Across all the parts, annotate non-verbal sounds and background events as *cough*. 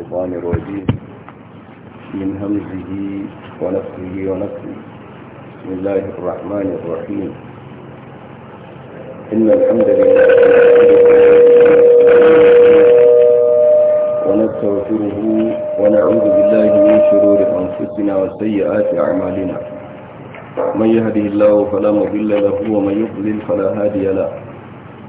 الشيطان الرجيم من همزه ونفسه ونفسه بسم الله الرحمن الرحيم إن الحمد لله ونستغفره ونعوذ بالله من شرور أنفسنا وسيئات أعمالنا من يهده الله فلا مضل له ومن يضلل فلا هادي له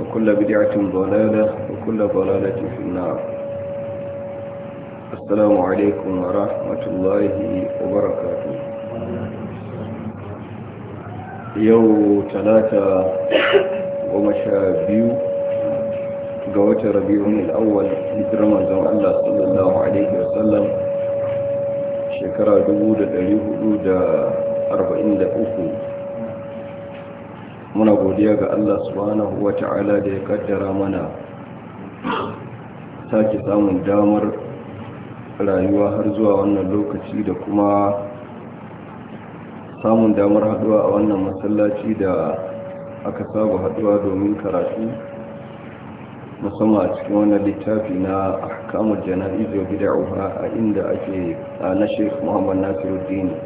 وكل بدعة ضلالة وكل ضلالة في النار السلام عليكم ورحمة الله وبركاته يوم ثلاثة ومشى بيو قوات ربيع الأول لدرما زوال الله صلى الله عليه وسلم شكرا دبود الأليه أربعين دقوقه muna godiya ga Allah subhanahu wa ta'ala da ya kaddara mana sake samun damar rayuwa har zuwa wannan lokaci da kuma samun damar haduwa a wannan masallaci da aka saba haduwa domin karatu musamman a cikin wannan littafi na ahkamul jana'iz gida uha a inda ake na Sheikh Muhammad Nasiruddin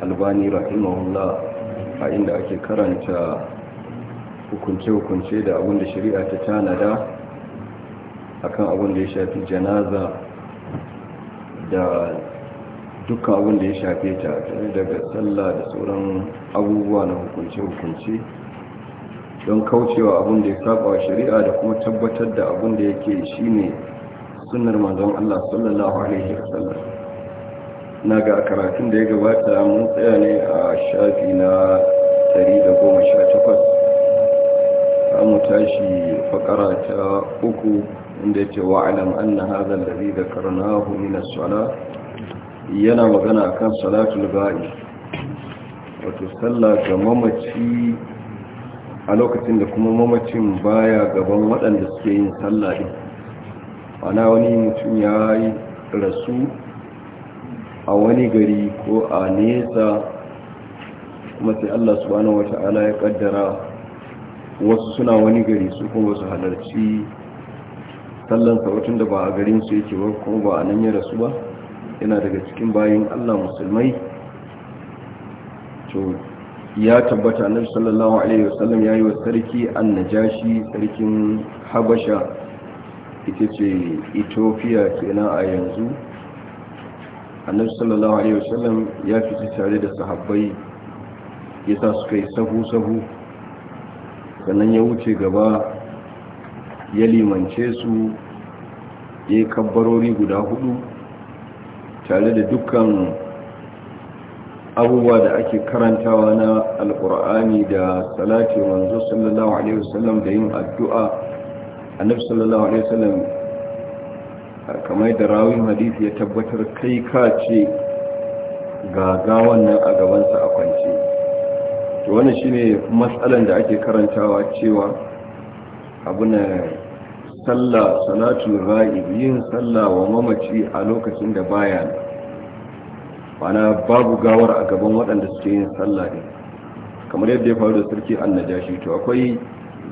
Albani rahimahullah a inda ake karanta hukunce-hukunce da abin da shari'a ta tanada akan abin da ya shafi janaza da dukkan abin da ya shafe ta tare daga sallah da sauran abubuwa na hukunce-hukunce don kaucewa abin da ya saba shari'a da kuma tabbatar da abin da yake shine sunnar manzon Allah sallallahu alaihi wasallam na ga karatun da ya gabata mun tsaya ne a shafi na 118 mu tashi fakara ta uku inda ya ce wa'alam an na hazan da zai zakar na hulina sala yana magana a kan salatul ba'i wato sallah ga mamaci a lokacin da kuma mamacin baya gaban waɗanda suke yin sallah ɗin ana wani mutum ya yi rasu a wani gari ko a nesa kuma sai Allah subhanahu ta'ala ya kaddara wasu suna wani gari su kuma su halarci sallan sautin da ba a garin su yake ba kuma ba a nan ya rasu ba yana daga cikin bayan Allah musulmai to ya tabbata annabi sallallahu alaihi wasallam yayi wa sarki annajashi sarkin habasha ita ce ethiopia kenan a yanzu annabi sallallahu alaihi wasallam ya fice tare da sahabbai ya sa su kai sahu-sahu sannan ya wuce gaba ya limance su ya yi kabbarori guda hudu tare da dukkan abubuwa da ake karantawa na alkur'ani da salati wanzu sallallahu alaihi wasallam da yin addu'a annabi sallallahu alaihi wasallam kamar da rawin hadisi ya tabbatar kai ka ce ga gawan nan a gabansa a kwance to wannan shine matsalan da ake karantawa cewa abuna sallah salatu ra'ib yin sallah wa mamaci a lokacin da baya bana babu gawar a gaban waɗanda suke yin sallah ne kamar yadda ya faru da sarki annajashi to akwai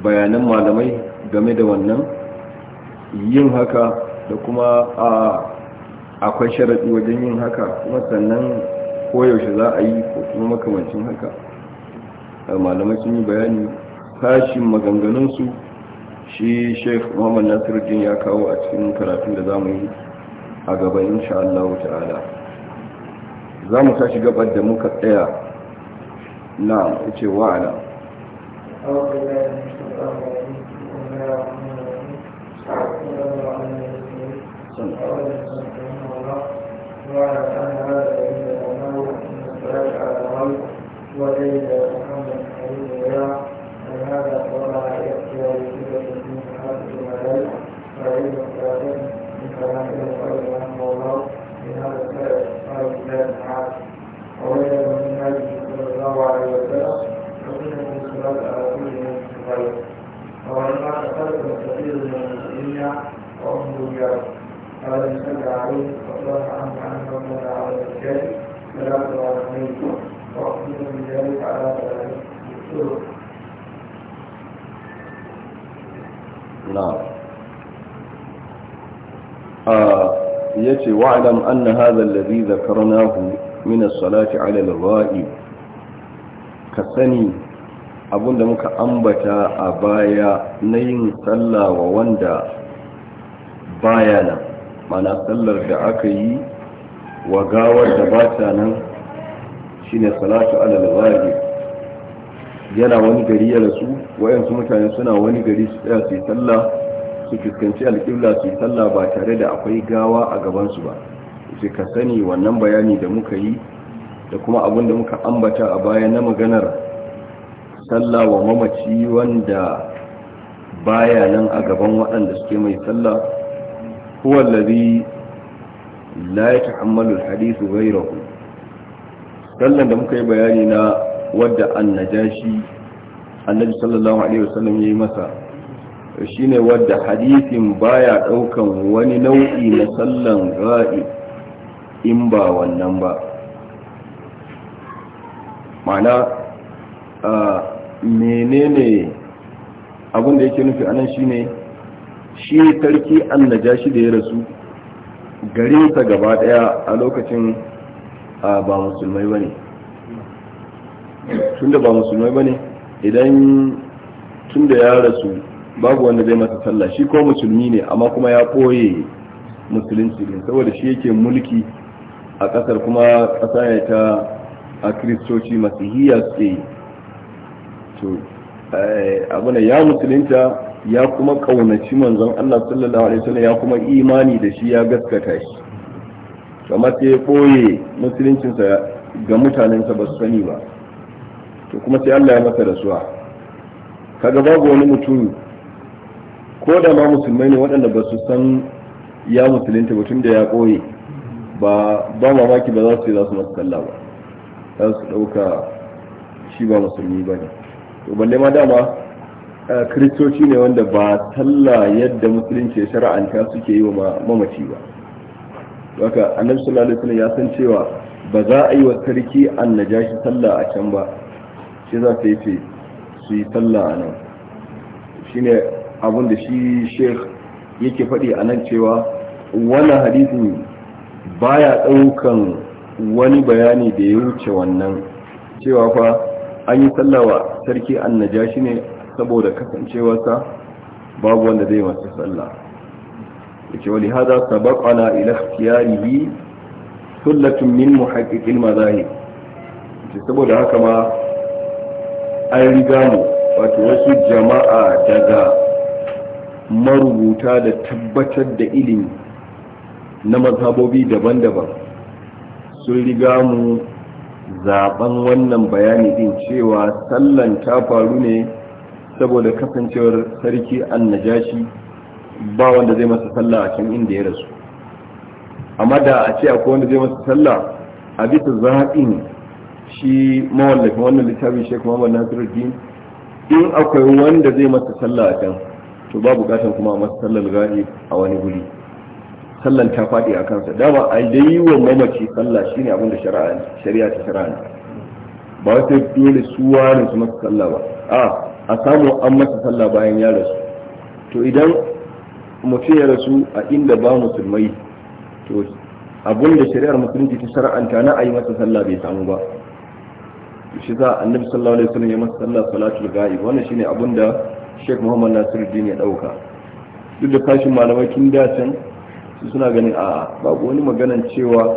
bayanan malamai game da wannan yin haka da kuma akwai sharaɗi wajen yin haka kuma sannan koyaushe za a yi ko kuma makamancin haka malamai sun yi bayani tashin maganganunsu shi sheikh muhammad nasiruddin ya kawo a cikin karatun da za mu yi a gaba insha Allah ta'ala za mu tashi gabar da muka tsaya na ce wa'ala أعوذ بالله من الشيطان الرجيم وعلى أن هذا إلا أنه أن الصلاة على الغيب وليل محمد حبيب الله أن هذا طبعا يأتي بصفة من حافظ الملائكة فإن الصلاة من كلام الخير رحمه الله في هذا السبب قال الله تعالى ووجد من هذه صلى الله عليه وسلم وسنة الصلاة على كل من غير ولما تقدم كثير من المسلمين وأمه بيار هذا يصلى عليه وصلى ربنا على وأخذنا من ذلك على نعم آه، يتي واعلم أن هذا الذي ذكرناه من الصلاة على الغائب كثني أبونا muka أنبتا أبايا نين صلى وواندا بايانا معنى صلى baya wa gawar da ba ta nan shine salatu alal ghaib yana wani gari ya rasu wayansu mutane suna wani gari su tsaya su sallah su fuskanci alƙibla su sallah ba tare da akwai gawa a gabansu ba sai ka sani wannan bayani da muka yi da kuma abin da muka ambata a baya na maganar sallah wa mamaci wanda baya nan a gaban waɗanda suke mai sallah huwallazi la ya ta'ammalu hadithu ghayrahu sallan da muka yi bayani na wadda annajashi annabi sallallahu alaihi wasallam yayi masa shine wadda hadisin baya daukan wani nau'i na sallan ghaib in ba wannan ba a menene abin da yake nufi anan shine shi tarki annajashi da ya rasu garinsa gaba daya a lokacin ba musulmai ba ne tunda ba musulmai ba ne idan tunda ya rasu babu wanda zai masa sallah shi ko musulmi ne amma kuma ya koye musulunci ne saboda shi yake mulki a kasar kuma kasa ya ta a kiristoci masu hiyar tsaye to eh, ne ya musulunta ya kuma kaunaci manzon Allah sallallahu alaihi wasallam ya kuma imani da shi ya gaskata shi kamar sai ya boye musuluncinsa ga mutanensa ba su sani ba to kuma sai Allah ya masa rasuwa kaga babu wani mutum ko da ma musulmai ne waɗanda ba su san ya musulunta mutum da ya boye ba ba mamaki ba za su yi za su masu ba za su ɗauka shi ba musulmi ba ne to balle ma dama kiristoci ne wanda ba talla yadda musulunci ya shara'anta suke yi wa mamaci ba waka annabi sallallahu alaihi wasallam ya san cewa ba za a yi wa sarki annajashi talla a can ba shi za ta yi ce su yi talla a nan ne abin da shi sheikh yake faɗi a nan cewa wannan hadisin baya ɗaukan wani bayani da ya wuce wannan cewa fa an yi sallawa sarki annajashi ne saboda kasancewarsa babu wanda zai masu sallah yace wali hada sabaqana ila ikhtiyarihi sullatun min muhaqqiqil mazahib yace saboda haka ma an riga mu wato wasu jama'a daga marubuta da tabbatar da ilimi na mazhabobi daban-daban sun riga mu zaben wannan bayani din cewa sallan ta faru ne saboda kasancewar sarki annajashi ba wanda zai masa sallah a cikin inda ya rasu amma da a ce akwai wanda zai masa sallah a bisa zaɓin shi mawallafin wannan littafin shekaru, muhammad nasiruddin in akwai wanda zai masa sallah a can to ba bukatan kuma a masa sallar gari a wani guri sallan ta faɗi a kansa dama a dai wa mamaci sallah shine abin da shari'a ta shari'a ba wata dole su wani su masa sallah ba a a samu an masa sallah bayan ya rasu to idan mutum ya rasu a inda ba musulmai to abun da shari'ar musulunci ta shara'anta na a yi masa sallah bai samu ba shi za a annabi sallallahu alaihi wasallam ya masa sallah salatul gai wannan shine abun da Sheikh Muhammad Nasiruddin ya dauka duk da kashin malamai kin da can suna ganin a babu wani maganan cewa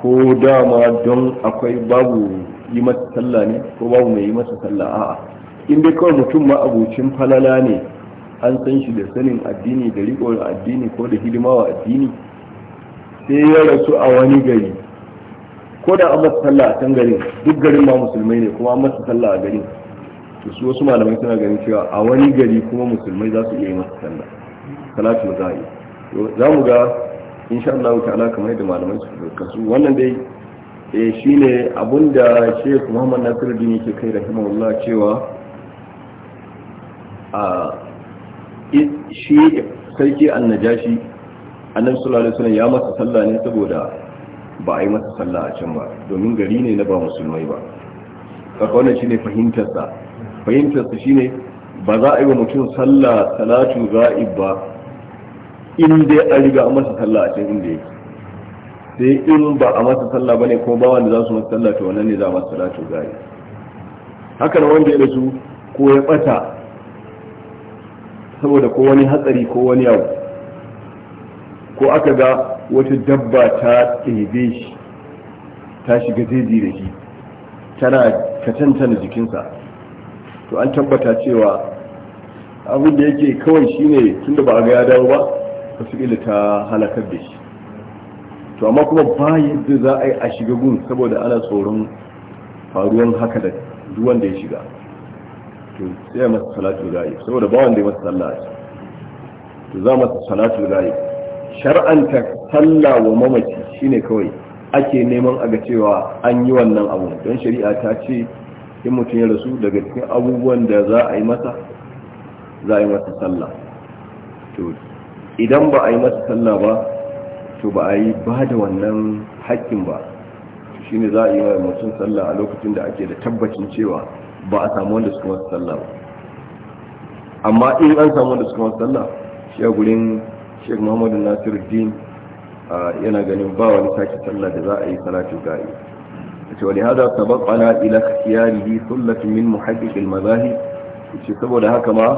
ko dama don akwai babu yi masa sallah ne ko babu mai yi masa sallah a'a in dai kawai mutum ma abucin falala ne an san shi da sanin addini da riƙon addini ko da hidima addini sai ya rasu a wani gari ko da an masa sallah a can garin duk garin ma musulmai ne kuma an masa sallah a garin to su wasu malamai suna ganin cewa a wani gari kuma musulmai za su iya yi masa sallah salatu za a yi za mu ga insha Allah ta'ala kamar yadda malamai su kasu wannan dai e eh, shine abinda Sheikh Muhammad Nasiru dini ke kai rahimahullah cewa shi sarki annajashi annabi sallallahu alaihi wasallam ya masa sallah ne saboda ba a yi masa sallah a can ba domin gari ne na ba musulmai ba kaka wannan shine fahimtar sa fahimtar sa shine ba za a yi wa mutum sallah salatu ga'ib ba in dai an riga a masa sallah a can inda yake sai in ba a masa sallah bane ko ba wanda za su masa sallah to wannan ne za a masa salatu ga'ib haka nan wanda ya rasu ko ya bata saboda ko wani hatsari ko wani abu ko aka ga wata dabba ta ɗebe shi ta shiga zai da shi tana katantana jikinsa to an tabbata cewa abin da yake kawai shine da ba a ga ya dawo ba wasu ta halakar da shi to amma kuma ba yadda za a yi a shiga gun saboda ana tsoron faruwan haka da duwanda ya shiga to sai masa salatu saboda ba wanda ya masa sallah to za masa salatu ghaib shar'anta sallah wa mamaci shine kawai ake neman a ga cewa an yi wannan abu don shari'a ta ce in mutum ya rasu daga cikin abubuwan da za a yi masa za a yi masa sallah to idan ba a yi masa sallah ba to ba a yi ba da wannan haƙƙin ba shine za a yi wa mutum sallah a lokacin da ake da tabbacin cewa ba a samu wanda suka masu sallah ba amma in an samu wanda suka masu sallah shi a gurin sheik muhammadu nasiru din yana ganin ba wani sake sallah da za a yi salatu gari ce wani hada tabaqqala ila ikhtiyarihi thullatun min muhaddiq al ce saboda haka ma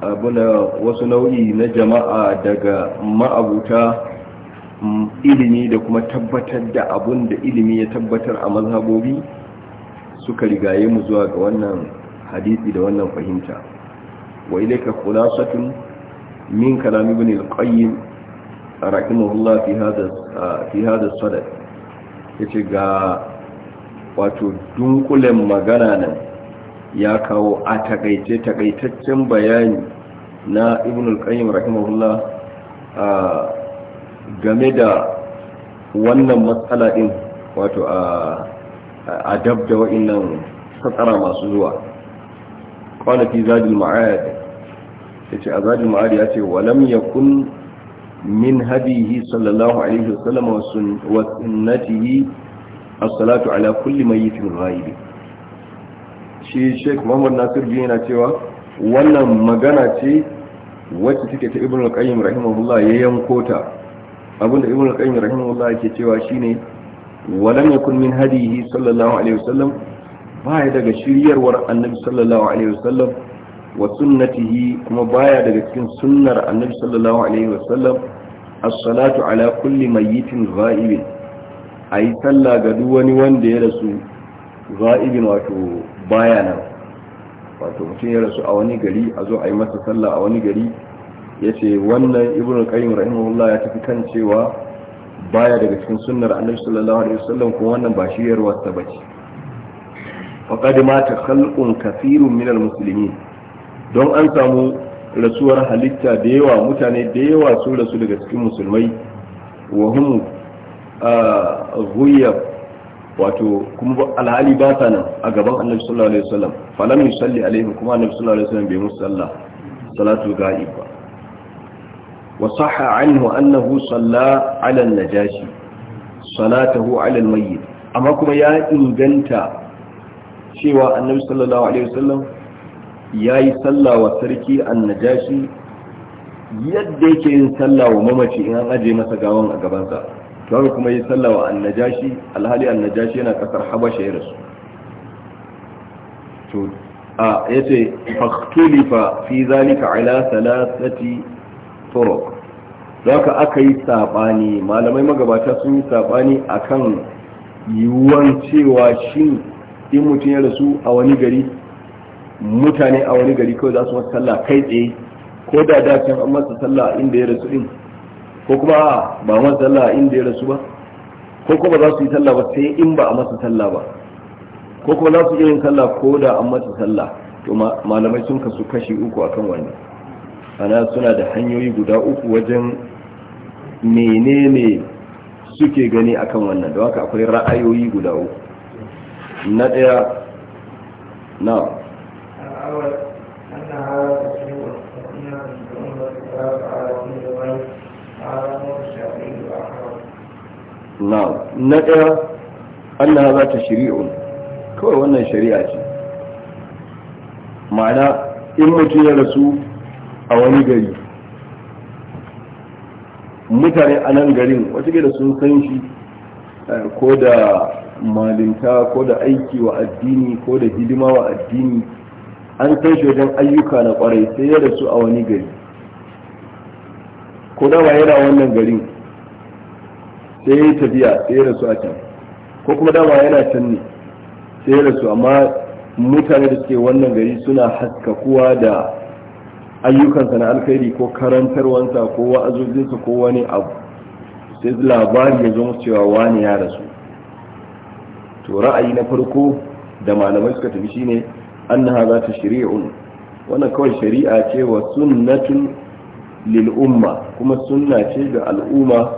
abuna wasu nau'i na jama'a daga ma'abuta mm, ilimi da kuma tabbatar da abun da ilimi ya tabbatar a mazhabobi suka rigaye mu zuwa ga wannan hadisi da wannan fahimta wa ilayka khulasatun min kalam ibn al-qayyim rahimahullah fi hada fi hada sadad yace ga wato dunkulen magana nan ya kawo a takaice takaitaccen bayani na ibn al-qayyim rahimahullah game da wannan matsala din wato a a dab da wa'annan fatsara masu zuwa kwanafi zadin ma'ayar ya ce a zadin ma'ayar ya ce walam ya kun min habihi sallallahu alaihi wasallam wa sunnatihi as-salatu ala kulli mayyitin ghaibi shi Sheikh Muhammad Nasir ji yana cewa wannan magana ce wacce take ta Ibn al-Qayyim rahimahullah ya yanko ta abinda Ibn al-Qayyim rahimahullah yake cewa shine walam yakun min hadihi sallallahu alaihi wasallam baya daga shiryarwar annabi sallallahu alaihi wasallam wa sunnatihi kuma baya daga cikin sunnar annabi sallallahu alaihi wasallam as-salatu ala kulli mayyitin ghaibin ayi sallah ga duk wani wanda ya rasu ghaibin wato baya nan wato mutum ya rasu a wani gari a zo a yi masa sallah a wani gari ya ce wannan ibn qayyim ya tafi kan cewa baya daga cikin sunnar annabi sallallahu alaihi wasallam ko wannan ba shiryarwar ta bace faqad mata khalqun kathirun min almuslimin don an samu rasuwar halitta da yawa mutane da yawa sun rasu daga cikin musulmai wa hum ghuya wato kuma alhali ba sa nan a gaban annabi sallallahu alaihi wasallam falam yusalli alaihi kuma annabi sallallahu alaihi wasallam bai musalla salatu ga'ib وصح عنه أنه صلى على النجاشي صلاته على الميت أما كما يا إنجنت شوى النبي صلى الله عليه وسلم يا صلى وتركي النجاشي yadda yake yin sallah wa mamaci in an ajiye masa gawan a gabansa kawai kuma ya sallah wa annajashi alhali annajashi yana kasar habasha ya rasu to a zalika ala thalathati turuq haka aka yi sabani malamai magabata sun yi sabani akan yiwuwan cewa shin in mutum ya rasu a wani gari mutane a wani gari kawai za su masa sallah kai tsaye ko da da can an masa sallah inda ya rasu din ko kuma ba masa sallah inda ya rasu ba ko kuma za su yi sallah ba sai in ba a masa sallah ba ko kuma za su iya yin sallah ko da an masa sallah to malamai sun kasu kashi uku akan wannan ana suna da hanyoyi guda uku wajen menene suke gani akan wannan da waka akwai ra'ayoyi guda uku na ɗaya na na ɗaya annaha za ta shari'un kawai wannan shari'a ce ma'ana in mutum ya rasu a wani gari mutane a nan garin watakila sun san shi eh, ko da malinta ko da aiki wa addini ko da hidima wa addini an san shi wajen ayyuka na kwarai sai ya su a wani gari ko da yana wannan garin sai ya tafiya sai ya su a can ko kuma dama yana can ne sai ya su amma mutane da suke wannan gari suna haskakuwa da ayyukansa na alkhairi ko karantarwansa ko wa'azuzinsa ko wani abu sai labari ya zo musu cewa wani ya rasu to ra'ayi na farko da malamai suka tafi shine annaha za ta shari'un wannan kawai shari'a ce wa sunnatun lil umma kuma sunna ce ga al'umma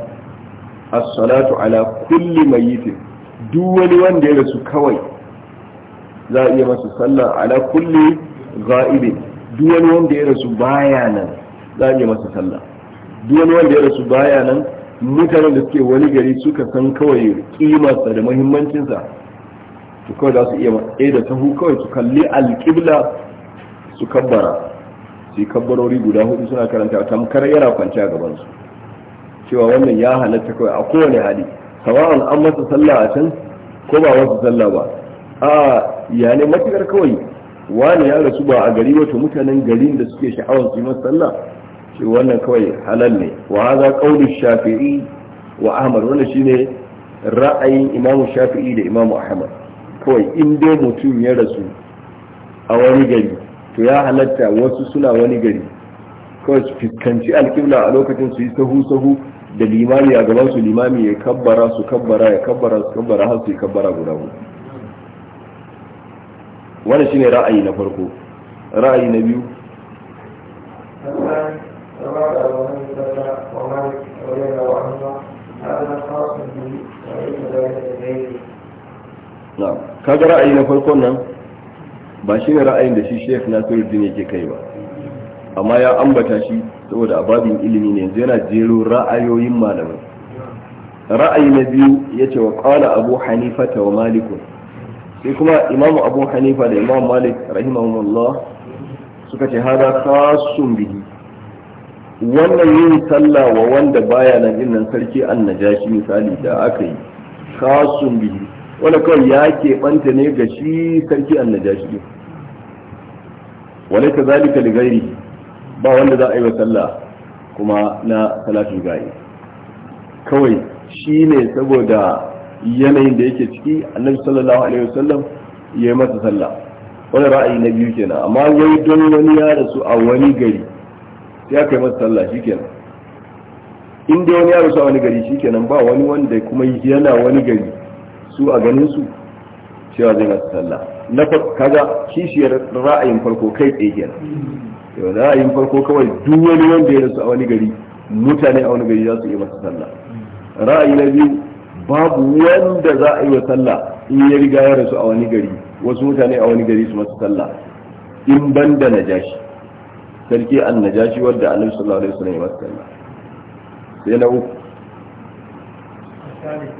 as-salatu ala kulli mayyitin duk wani wanda ya rasu kawai za a iya masa sallah ala kulli ghaibin duk wani wanda ya rasu baya nan za a yi masa sallah duk wanda ya rasu baya nan mutanen da suke wani gari suka san kawai kimarsa da muhimmancinsa to kawai za su iya matsaye da sahu kawai su kalli alƙibla su kabbara su kabbarori guda hudu suna karanta tamkar yana kwanciya gaban su cewa wannan ya halatta kawai a kowane hali sawa'an an masa sallah a can ko ba wasu sallah ba a yane ne matukar kawai wani ya rasu ba a gari wato mutanen garin da suke sha'awar su sallah shi wannan kawai halal ne wa haza qawlu shafi'i wa ahmad wannan shine ra'ayin imamu shafi'i da imamu ahmad kawai in dai mutum ya rasu a wani gari to ya halatta wasu suna wani gari kawai su fuskanci alƙibla a lokacin su yi sahu sahu da limami a gaban su limami ya kabbara su kabbara ya kabbara su kabbara har su kabbara guda hudu wannan shine ra'ayi na farko ra'ayi na biyu kaga ra'ayi na farko nan ba shi ne ra'ayin da shi shef nasiruddin yake kai ba amma ya ambata shi saboda ababin ilimi ne yanzu yana jero ra'ayoyin malamai ra'ayi na biyu ya ce wa ƙala abu hanifata wa malikun sai kuma imam abu hanifa da imam malik rahimahumullah suka ce hada kasun bihi wannan yin sallah wa wanda baya nan din nan sarki annajashi misali da aka yi kasun bihi wanda kawai ya banta ne ga shi sarki annajashi wale zalika da gairi ba wanda za a yi wa sallah kuma na salatin gaye kawai shi ne saboda yanayin da yake ciki annabi sallallahu alaihi wasallam ya yi masa sallah wani ra'ayi na biyu kenan amma wai don wani ya rasu a wani gari sai aka yi masa sallah shikenan in dai wani ya rasu a wani gari shikenan ba wani wanda kuma yana wani gari su a ganin su cewa zai masa sallah na kaga kishiyar ra'ayin farko kai tsaye kenan yau ra'ayin farko kawai duk wani wanda ya rasu a wani gari mutane a wani gari za su yi masa sallah ra'ayi na biyu babu wanda za a yi wa sallah in ya riga ya rasu a wani gari wasu mutane a wani gari su masu sallah in ban da najashi sarki an najashi wadda annabi sallallahu alaihi wasallam ya masu sallah sai na uku Thank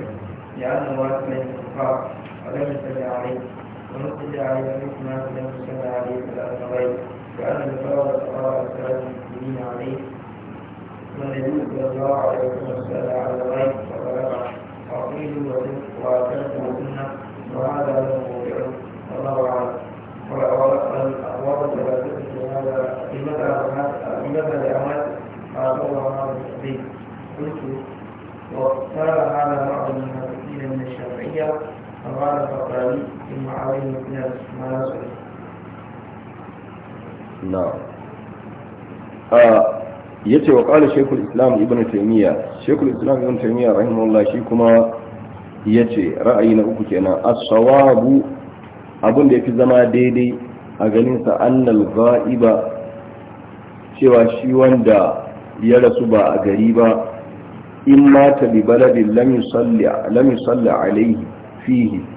you. جعلنا واسما الكفار ولم يصل عليه ونصل عليه ولم يصل عليه ثلاث غير جعلنا الفرد قرار ثلاث المسلمين عليه والنبي صلى الله عليه وسلم على الغيب فبلغه وقيل وترك السنة وهذا له موضعه والله أعلم ورد ذلك هذا لماذا لأمات قال الله هذا الحديث قلت واختار yace wa qala shekul islam ibnu taymiya shekul islam ibnu taymiya rahimahullah shi kuma yace ra'ayi na uku kenan as-sawabu abin da fi zama daidai a ganin sa annal ghaiba cewa shi wanda ya rasu ba a gari ba in mata bi baladin lam yusalli alayhi fihi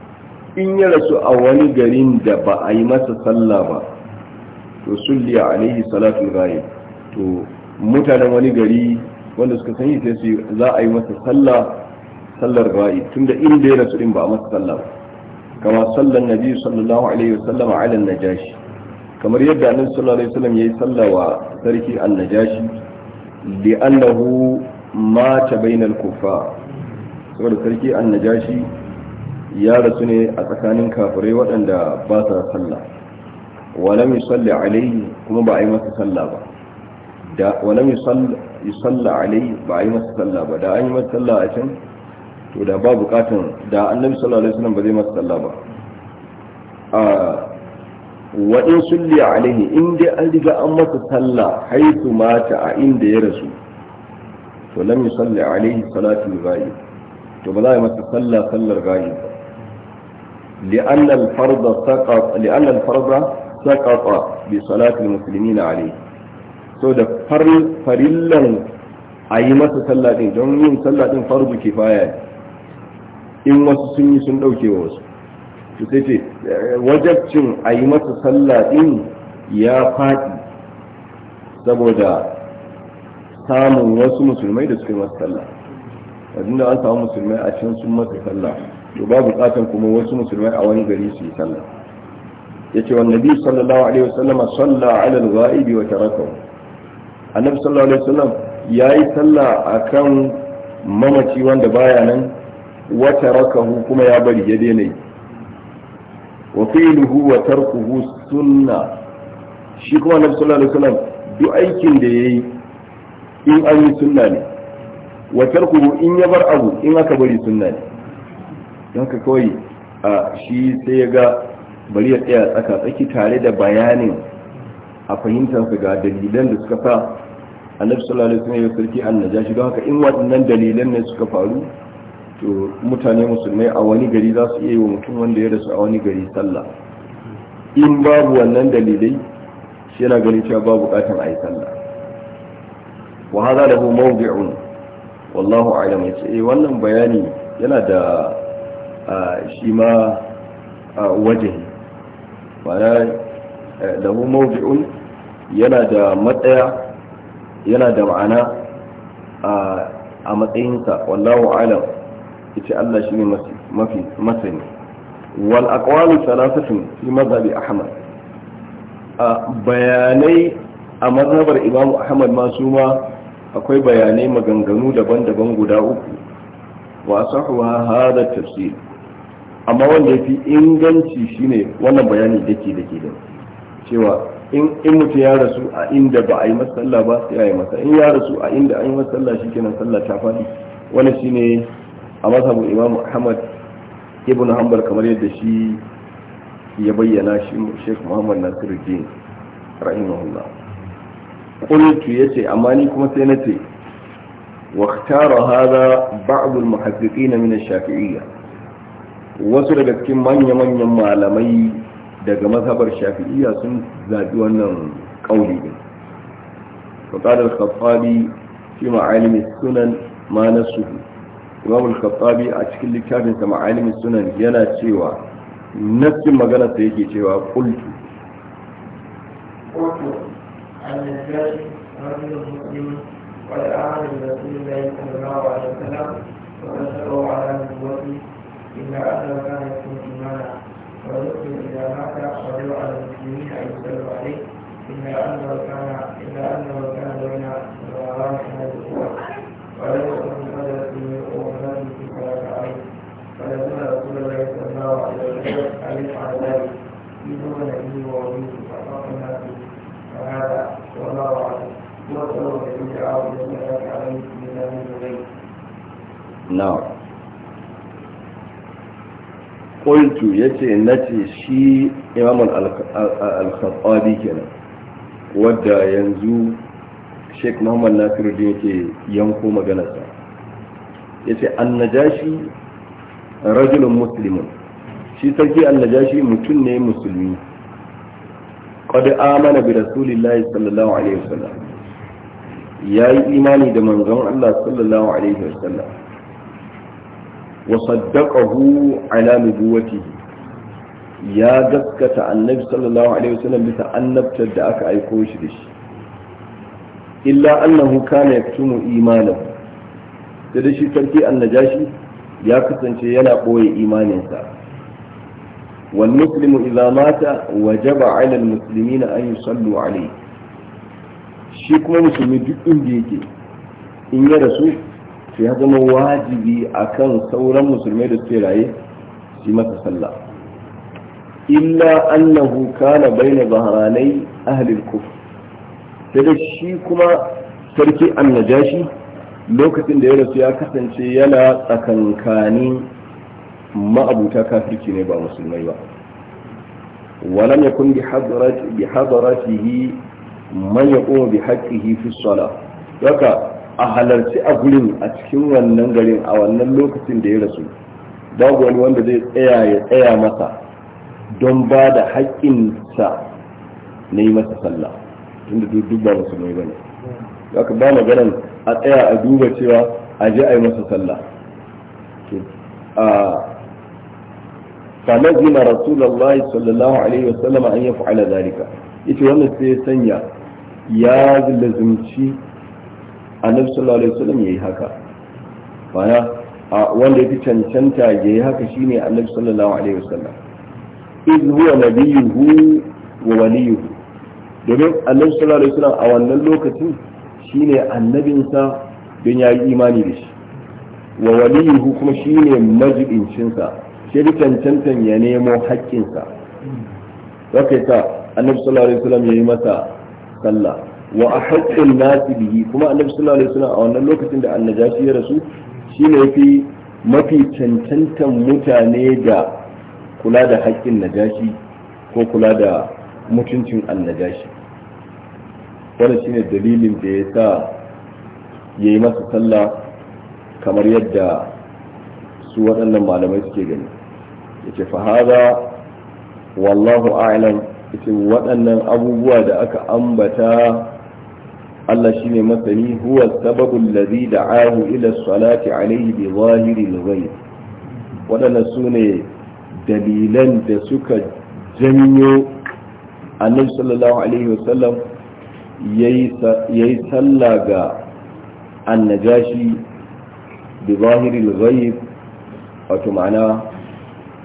in ya rasu a wani garin da ba a yi masa sallah ba to sulli alaihi salatu ghaib to mutanen wani gari wanda suka sani sai su za a yi masa sallah sallar ghaib tunda in da ya rasu din ba a masa sallah ba kama sallan nabi sallallahu alaihi wasallam ala najashi kamar yadda annabi sallallahu alaihi wasallam yayi sallah wa sarki an-najashi li annahu mata bainal kuffar saboda sarki an-najashi ya rasu ne a tsakanin kafirai waɗanda ba sa sallah walam yusalli alayhi kuma ba a yi masa sallah ba da walam yusalla alayhi ba a yi masa sallah ba da an yi masa sallah a can to da ba bukatun da annabi sallallahu alaihi wasallam ba zai masa sallah ba a wa in sulli alayhi in dai an riga an masa sallah haitu mata a inda ya rasu to lam yusalli alayhi salatu ghaib to ba za a yi masa sallah sallar ghaib ba لأن الفرض سقط لأن الفرض سقط بصلاة المسلمين عليه so da farillan a yi masa sallah don yin sallah din farzu kifaya in wasu sun yi sun dauke wa wasu eh, wajabcin a yi masa sallah ya faɗi saboda samun wasu musulmai da suka yi masa sallah yanzu da an samu musulmai a can sun masa sallah to babu bukatan kuma wasu musulmai a wani gari su yi sallah ce, wa nabi sallallahu alaihi wasallam salla ala al-ghaibi wa tarakahu annabi sallallahu alaihi wasallam yi sallah akan mamaci wanda baya nan wa tarakahu kuma ya bari ya daina yi wa fi'luhu wa tarkuhu sunna shi kuma annabi sallallahu alaihi wasallam duk aikin da yayi in an yi sunna ne wa tarkuhu in ya bar abu in aka bari sunna ne don ka kawai a shi sai ya ga bari ya tsaya tsaka tsaki tare da bayanin a fahimtarsa ga dalilan da suka sa annabi sallallahu alaihi wasallam ya sarki shi don haka in waɗannan dalilan ne suka faru to mutane musulmai a wani gari za su iya yi wa mutum wanda ya rasu a wani gari sallah in babu wannan dalilai shi yana ganin cewa babu bukatan a yi sallah wa hada lahu mawdi'un wallahu a'lam yace eh wannan bayani yana da shi ma waje mana eh, lahu mawdi'un yana da matsaya yana da ma'ana a matsayinsa wallahu alam ita Allah shi ne mafi masani wal aqwalu thalathatun fi mazhabi ahmad bayanai a mazhabar imamu ahmad ma su ma akwai bayanai maganganu daban-daban guda uku wa sahuha hada tafsir amma wanda ya fi inganci shine wannan bayani da ke da ke da cewa in mutum ya rasu a inda ba a yi masa sallah ba sai a yi masa in ya rasu a inda an yi masa shi kenan sallah ta faɗi wani shi ne a mazhabin Imam Ahmad ibn Hanbal kamar yadda shi ya bayyana shi Sheikh Muhammad Nasiruddin rahimahullah qultu yace amma ni kuma sai nace واختار هذا بعض المحققين من الشافعيه wasu daga cikin manya-manyan malamai daga mazhabar shafi'iyya sun zaɓi wannan ƙauli ne faƙar al-khattabi fi ma'alimin sunan ma na suhu imam al-khattabi a cikin littafinsa ma'alimin sunan yana cewa nassin maganarsa yake cewa kultu kultu al-najjari rajulun muslimin wa da'ana da rasulullahi sallallahu alaihi إلا أنه كان يكون إيمانا ويقبل إذا مات وجب على المسلمين أن يصلوا عليه إلا أنه كان إلا أنه كان بين الغرام أن الأخوة من يكون بدرة ومنزل في صلاة عليه فلما رسول الله صلى الله عليه وسلم أن يفعل ذلك في دون نبيه ووليه فأطلقنا فيه فهذا والله أعلم وصلوا بالدعاء الله عليه وسلم من عليه وسلم نعم. qultu yace nace shi imam al-khattabi kenan wanda yanzu Sheikh Muhammad Nasiruddin yake yanko maganarsa yace annajashi rajulun muslimun shi sarki annajashi mutum ne musulmi qad amana bi rasulillahi sallallahu alaihi wasallam yayi imani da manzon Allah sallallahu alaihi wasallam وصدقه على نبوته يا دكة النبي صلى الله عليه وسلم مثل أن نبتدأك أي كوشدش إلا أنه كان يكتم إيمانه تدشي تركي النجاشي يا كتن شينا قوي إيمان والمسلم إذا مات وجب على المسلمين أن يصلوا عليه shi kuma musulmi duk inda yake in ya rasu to ya zama wajibi akan sauran musulmai da suke raye su masa sallah illa annahu kana baina zaharanai ahli kufr sai da shi kuma sarki annajashi lokacin da ya rasu ya kasance yana tsakankani ma'abuta kafirci ne ba musulmai ba ولم يكن بحضرت بحضرته من يقوم بحقه في الصلاة haka a halarci a gurin a cikin wannan garin a wannan lokacin da ya rasu babu wani wanda zai tsaya ya tsaya masa don ba da haƙƙinsa na yi masa sallah tunda duk ba musulmai ba ka ba maganan a tsaya a duba cewa a je a yi masa sallah فلزم رسول الله صلى الله عليه وسلم أن يفعل ذلك إذا wannan sai sanya ya lazumci annabi sallallahu alaihi wasallam yayi haka bana wanda yake cancanta yayi haka shine annabi sallallahu alaihi wasallam idh huwa nabiyuhu wa waliyuhu domin annabi sallallahu alaihi wasallam a wannan lokacin shine annabinsa don ya yi imani da shi wa waliyuhu kuma shine majibincinsa shi da cancantan ya nemo haƙƙinsa zaka annabi sallallahu alaihi wasallam ya yi masa sallah wa ahaqqul bihi kuma annabi sallallahu alaihi wasallam a wannan lokacin da annajashi ya rasu shine mafi cancantan mutane da kula da haƙƙin najashi ko kula da mutuncin annajashi wannan shine dalilin da ya sa yayi masa sallah kamar yadda su waɗannan malamai suke gani yace fa hada wallahu a'lam ita waɗannan abubuwa da aka ambata Allah shi ne masani huwa sababul ladhi da'ahu ila salati alayhi bi zahiril ghaib wadannan sune dalilan da suka janyo annabi sallallahu alaihi wasallam yayi sallah ga annajashi bi zahiril ghaib wato ma'ana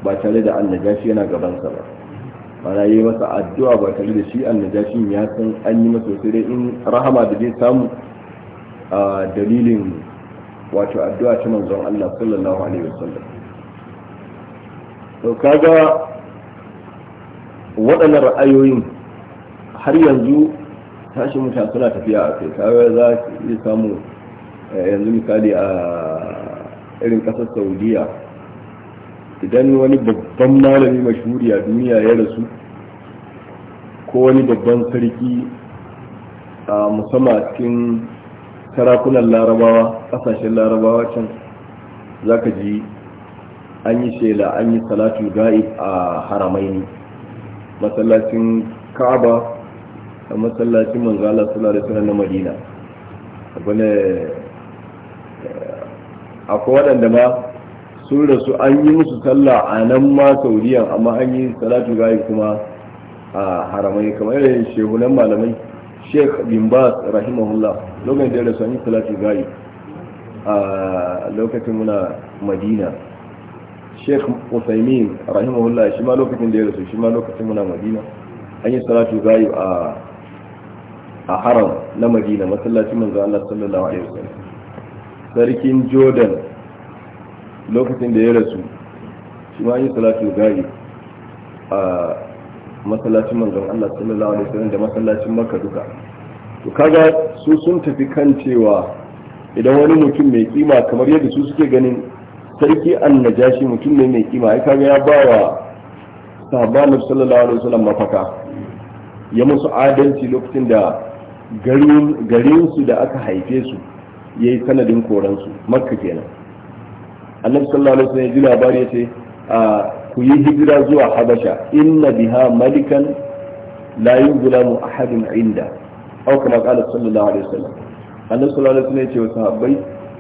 ba tare da annajashi yana gabansa ba mana yi masa addu'a ba tare da shi annajashin ya san an yi masa sai dai in rahama da zai samu a dalilin wato addu'a ta manzon Allah sallallahu alaihi wasallam to kaga waɗannan ra'ayoyin har yanzu tashi mutane suna tafiya a kai kaga za su iya samu eh, yanzu misali a irin ƙasar Saudiya idan wani babban malami mashuri a duniya ya rasu ko wani babban sarki a musamman cikin sarakunan larabawa kasashen larabawa can za ka ji an yi shela an yi salatu ga'ib a haramaini masallacin ka'aba a masallacin manzala suna da suna na madina eh, akwai waɗanda ma sun rasu an yi musu sallah a nan ma sauriyan, amma an yi salatu gayi kuma a haramai kamar yadda shehunan malamai sheikh bin bas rahimahullah lokacin da ya rasu an yi salatu gayi a lokacin muna madina sheikh usaimin rahimahullah shi ma lokacin da ya rasu shi ma lokacin muna madina an yi salatu gayi a a haram na madina masallacin manzo Allah sallallahu alaihi wasallam sarkin jordan lokacin da ya rasu shi ma yi salatu gari a masallacin manzon Allah sallallahu alaihi wasallam da masallacin Makka duka to kaga su sun tafi kan cewa idan wani mutum mai kima kamar yadda su suke ganin sarki annajashi mutum ne mai kima ai kaga ya bawa sahabban sallallahu alaihi wasallam mafaka ya musu adalci lokacin da garin su da aka haife su yayi sanadin koransu makka kenan annabi sallallahu alaihi wasallam ya labari ya ce ku yi hijira zuwa habasha inna biha malikan la yuzlamu ahadun inda aw kama qala sallallahu alaihi wasallam annabi sallallahu alaihi wasallam ya ce wa sahabbai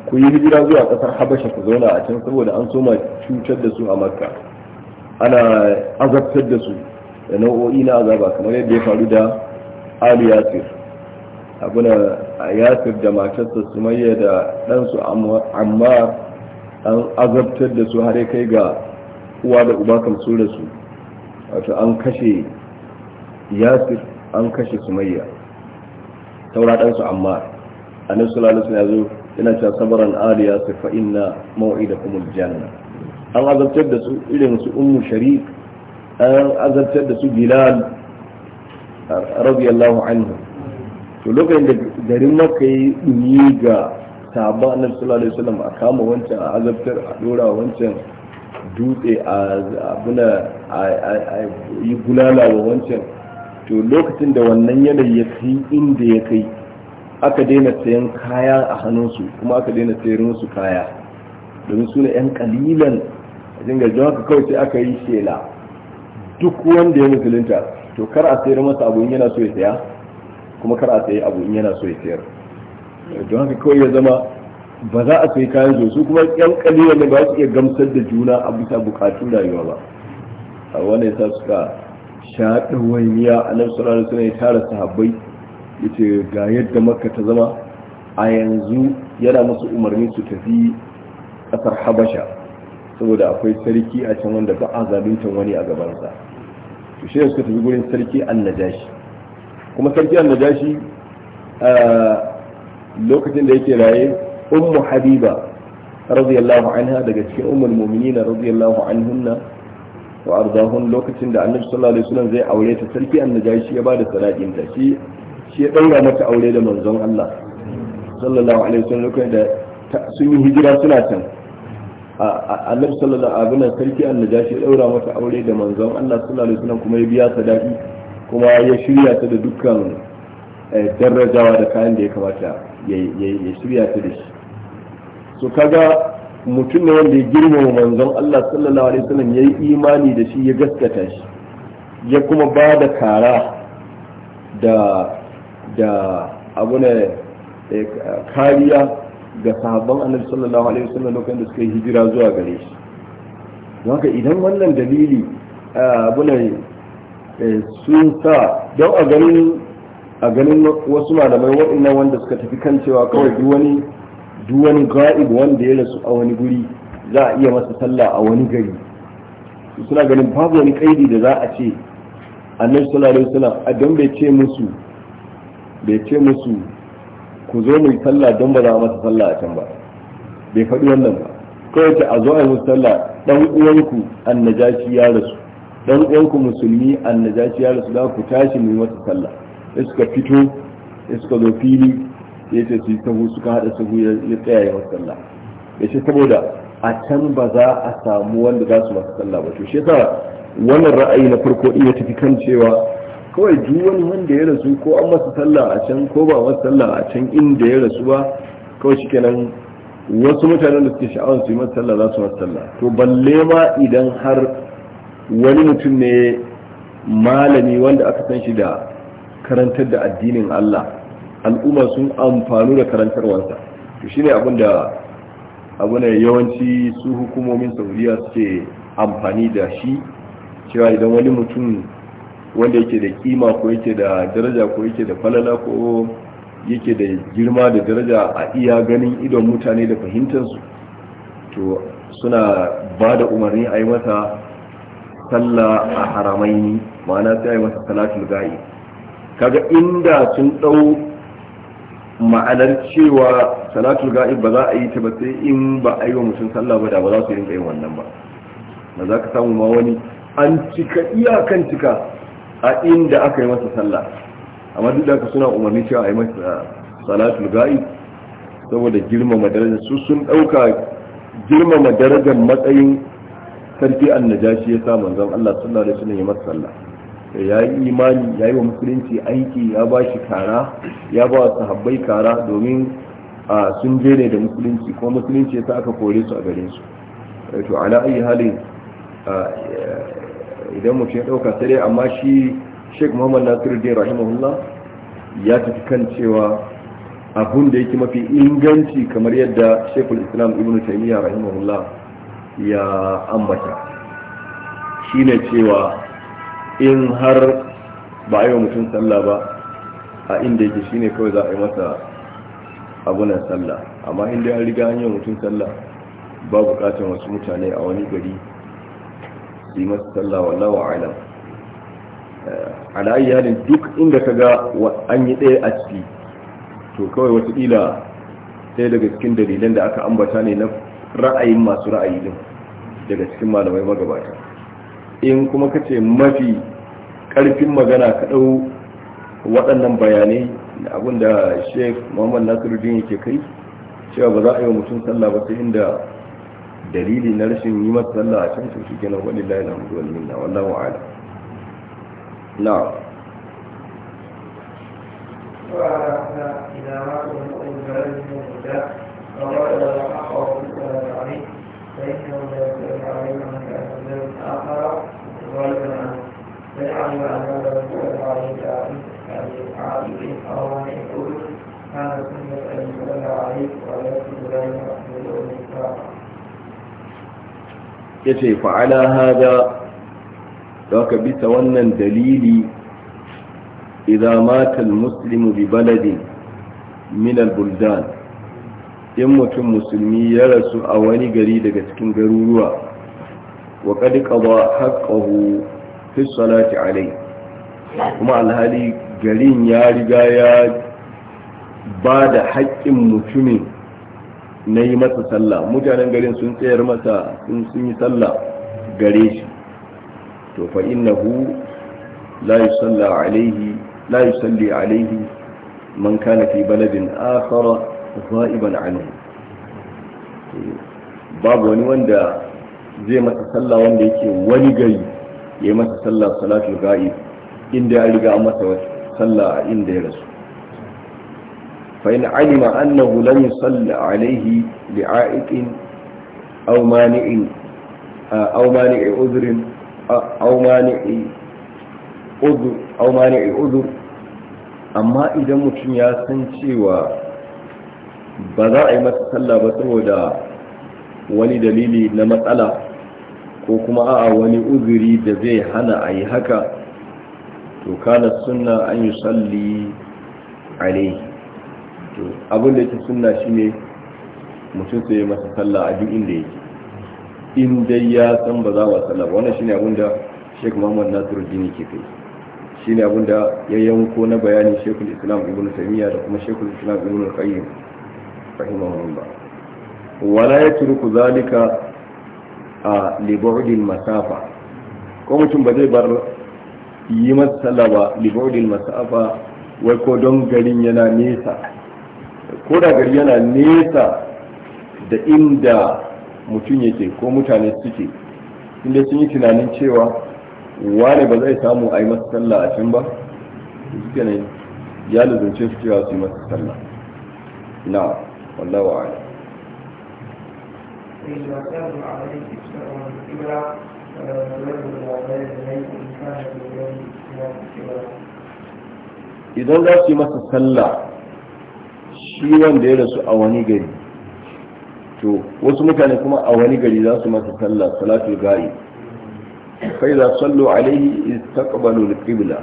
ku yi hijira zuwa kasar habasha ku zauna a can saboda an soma cutar da su a makka ana azabtar da su da nau'o'i na azaba kamar yadda ya faru da ali yasir abuna yasir da matarsa sumayya da ɗansu ammar an azabtar da su har kai ga uwa da uba kan su da su wato an kashe yasir an kashe sumayya taura ɗansu amma annabi sallallahu alaihi wasallam yazo yana cewa sabaran ali yasir fa inna maw'idakum janna an azabtar da su irin su ummu sharik an azabtar da su bilal radiyallahu anhu to lokacin da garin makka yi dumi ga sahabban annabi sallallahu alaihi wasallam a kama wancan a azabtar a dora wancan dutse a abuna a yi gulala wa wancan to lokacin da wannan yanayi ya kai inda ya kai aka daina sayan kaya a hannunsu kuma aka daina sayar musu kaya domin su ne yan kalilan a cikin don haka kawai sai aka yi shela duk wanda ya musulunta to kar a sayar masa abu in yana so ya saya kuma kar a sayi abu in yana so ya sayar don haka kawai ya zama ba za a sai kayan su kuma yan kalilan ne ba su iya gamsar da juna a bisa bukatun rayuwa ba a wannan yasa suka sha miya a nan sallallahu suna ya tara sahabbai ce ga yadda makka ta zama a yanzu yana musu umarni su tafi ƙasar habasha saboda akwai sarki a can wanda ba a zaluntar wani a gabansa to shi suka tafi gurin sarki annajashi kuma sarki annajashi eh, lokacin da yake raye ummu habiba radiyallahu anha daga cikin ummul mu'minina radiyallahu anhunna wa ardahun lokacin da annabi sallallahu alaihi wasallam zai aure ta sarki annajashi ya bada sadakin ta shi shi ya daura mata aure da manzon Allah sallallahu alaihi wasallam lokacin da sun yi hijira suna can annabi sallallahu alaihi wasallam sarki annajashi ya daura mata aure da manzon Allah sallallahu alaihi wasallam kuma ya biya sadaki kuma ya shirya ta da dukkan Eh, darajawa da kayan da ya kamata ya shirya ta da shi so kaga mutum ne wanda ya girmama manzon Allah sallallahu alaihi wasallam yayi imani da shi ya gaskata shi ya kuma ba da kara da da abu ne eh, kariya ga sahabban annabi sallallahu alaihi wasallam lokacin da suka yi hijira zuwa gare shi haka idan wannan dalili eh, abu ne sun sa don a ganin a ganin wasu malamai waɗannan wanda suka tafi kan cewa kawai duk wani duk wani ga'ib wanda ya rasu a wani guri za a iya masa sallah a wani gari suna ganin babu wani kaidi da za a ce annabi sallallahu alaihi wasallam a don bai ce musu bai ce musu ku zo mu yi sallah don ba za a masa sallah a can ba bai faɗi wannan ba kawai ce a zo a yi musu sallah dan uwanku annajashi ya rasu dan uwanku musulmi annajashi ya rasu da ku tashi mu yi masa sallah suka fito suka zo fili ya ce su yi suka haɗa sahu ya tsaya ya wasu sallah ya ce saboda a can ba za a samu wanda za su masu sallah ba to shi yasa wannan ra'ayi na farko iya tafi kan cewa kawai duk wani wanda ya rasu ko an masa sallah a can ko ba masa sallah a can inda ya rasu ba kawai shikenan wasu mutanen da suke sha'awar su yi masa sallah za su masa sallah to balle ma idan har wani mutum ne malami wanda aka san shi da karantar da addinin Allah al'umma sun amfanu da karantarwarsa to shine abin da abin da yawanci su hukumomin saudiya suke amfani da shi cewa idan wani mutum wanda yake da kima ko yake da daraja ko yake da falala ko yake da girma da daraja a iya ganin idon mutane da fahimtarsu to suna ba da umarni a yi masa sallah a haramaini ma'ana sai a yi masa salatul ga'i kaga inda sun dau ma'anar cewa salatul ga'ib ba za a yi ta ba sai in ba a yi wa mutum sallah ba da ba za su rinka yin wannan ba ba za ka samu ma wani an cika iyakan cika a inda aka yi masa sallah amma duk da suna umarni cewa a yi masa salatul ga'ib saboda girmama darajar su sun dauka girmama darajar matsayin sarki annajashi ya sa manzon Allah sallallahu alaihi wasallam ya masa sallah ya yi imani ya yi wa musulunci aiki ya ba shi kara ya ba wa sahabbai kara domin sun je ne da musulunci kuma musulunci ya aka kore su a gare su to ala ayi halin idan mutum ya dauka sai amma shi sheikh muhammad nasiru din rahimahullah ya tafi kan cewa abun da yake mafi inganci kamar yadda sheikhul islam ibn taymiyyah rahimahullah ya ambata shine cewa in har ba a yi wa mutum sallah ba a inda yake shine kawai za a yi masa abunan sallah amma inda ya riga an yi wa mutum sallah ba bukatar wasu mutane a wani gari su yi masa sallah wa alam eh, ala iyalin duk inda ka ga an yi ɗaya a ciki to kawai ila ɗaya daga cikin dalilan da aka ambata ne na ra'ayin masu ra'ayi din daga cikin malamai magabata in kuma ka ce mafi ƙarfin magana ka ɗau waɗannan bayanai da abin da sheikh muhammad nasiruddin yake kai cewa ba za a yi wa mutum sallah ba sai inda dalili na rashin yi masa sallah a can to shi kenan wani layi na mutu wani minna wallahu ala na فإنه لا يكون عليه والبنات واجعلنا fa'ala hada da ka bisa wannan dalili idan matan muslimu bi baladin min buldan in mutum musulmi ya rasu a wani gari daga cikin garuruwa وقد قضى حقه في الصلاة عليه kuma alhali garin ya riga ya ba da haƙƙin mutumin na yi masa sallah mutanen garin sun tsayar masa sun yi sallah gare shi to fa innahu la yusalla alaihi la yusalli alaihi man kana fi baladin akhara ghaiban anhu babu wani wanda zai masa sallah wanda yake wani gari ya masa sallah salatu ga'i inda ya riga masa sallah a inda ya rasu fa in alima annahu lam yusalli alayhi li'a'iqin aw mani'in aw mani'i udhrin aw mani'i udhr aw mani'i udhr amma idan mutum ya san cewa ba za a yi masa sallah ba saboda wani dalili na matsala ko kuma a'a wani uzuri da zai hana a yi haka to kana suna an yi salli alaihi to abinda yake shi shine mutum sai ya masa sallah a duk inda yake in dai ya san ba za wa sallah wannan shine abinda Sheikh Muhammad jini ke kai shine abinda ya yanko na bayani shekul Islam Ibn samiyya da kuma shekul Islam Ibn Qayyim rahimahullah wala yatruku zalika a libordin masafa ko mutum ba zai bar yi matsala ba libordin masafa wai ko don garin yana nesa ko da gari yana nesa da inda mutum yake ko mutane suke inda sun yi tunanin cewa wane ba zai samu a yi masa sallah a can ba suke ne ya lalace su cewa su yi masa sallah na wallawa idan za su yi masa sallah shi wanda ya rasu a wani gari to wasu mutane kuma a wani gari za su masa sallah salatu gari Kai za su sallu alaihi istaqbalu al-qibla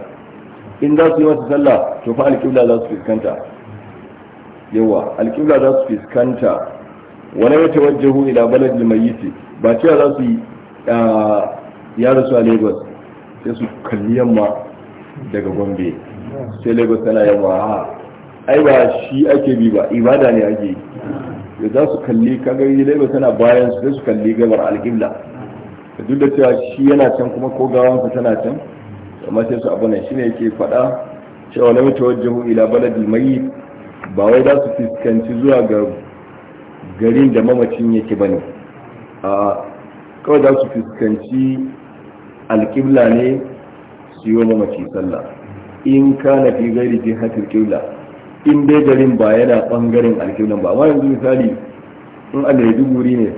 in za su yi masa sallah to fa al-qibla za su fiskanta yawa al-qibla za su fiskanta wala ya tawajjahu ila balad al-mayyit ba cewa za su ya rasu a Lagos sai su kalli yamma daga Gombe sai Lagos tana yamma ai ba shi ake bi ba ibada ne ake yi za su kalli kaga Lagos tana bayan su sai su kalli gabar al-qibla duk da cewa shi yana can kuma ko gawansa tana can amma sai su abu ne shine yake faɗa cewa lam tawajjahu ila balad al-mayyit ba wai za su fuskanci zuwa ga garin da mamacin yake bane a kawai za su fuskanci alƙibla ne su yi wa mamaci sallah in ka na fi gari fi hatar ƙibla in dai garin ba yana ɓangaren alƙiblan ba amma yanzu misali in wuri ne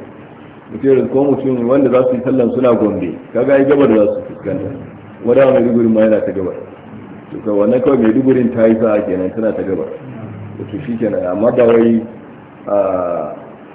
mutum ko mutum wanda za su yi sallan suna gombe kaga ai gabar za su fuskanta wadda mai dugurin ma yana ta gabar to ka wannan kawai mai dugurin ta yi sa'a kenan tana ta gabar to shi kenan amma ba wai ah,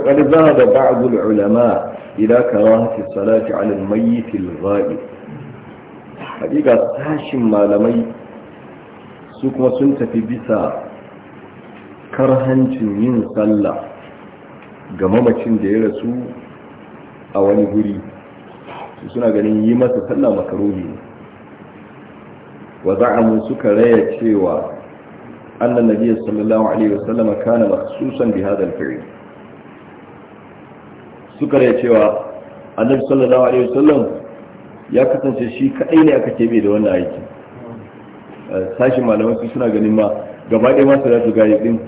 وقد ذهب بعض العلماء إلى كراهة الصلاة على الميت الغائب حقيقة ساشم ما لمي سكما سنت في بسا كرهنت من صلى قمامة ديرسو أولي هري سنة قلن يما صلى مكروهي وزعموا سكرية شيوا أن النبي صلى الله عليه وسلم كان مخصوصا بهذا الفعل suka rai cewa annabi sallallahu alaihi wasallam ya kasance shi kadai ne aka kebe da wannan aiki eh, sashi malaman su suna ganin ma gaba ɗaya masu da su gaye din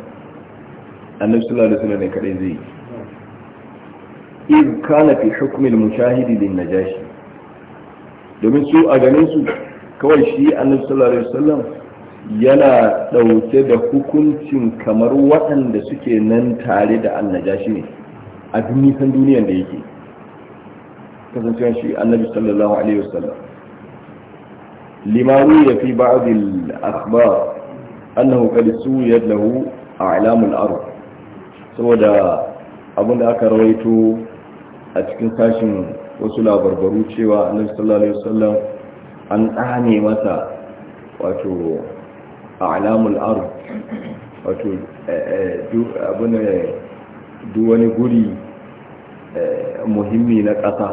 annabi sallallahu alaihi wasallam ne kadai zai yi in kana fi hukmin mushahidi din najashi domin su a ganin su kawai shi annabi sallallahu alaihi wasallam yana dauke da hukuncin kamar waɗanda suke nan tare da annajashi ne a duk nisan duniyan da yake kasancewa shi annabi sallallahu alaihi wasallam limawi ya fi ba'adil al-akhbar annahu qad suwiyat lahu a'lam al-ard saboda da aka rawaito a cikin sashin wasu labarbaru cewa annabi sallallahu alaihi wasallam an tsane masa wato a'lam al-ard wato eh, eh, abin duk wani guri eh, muhimmi na ƙasa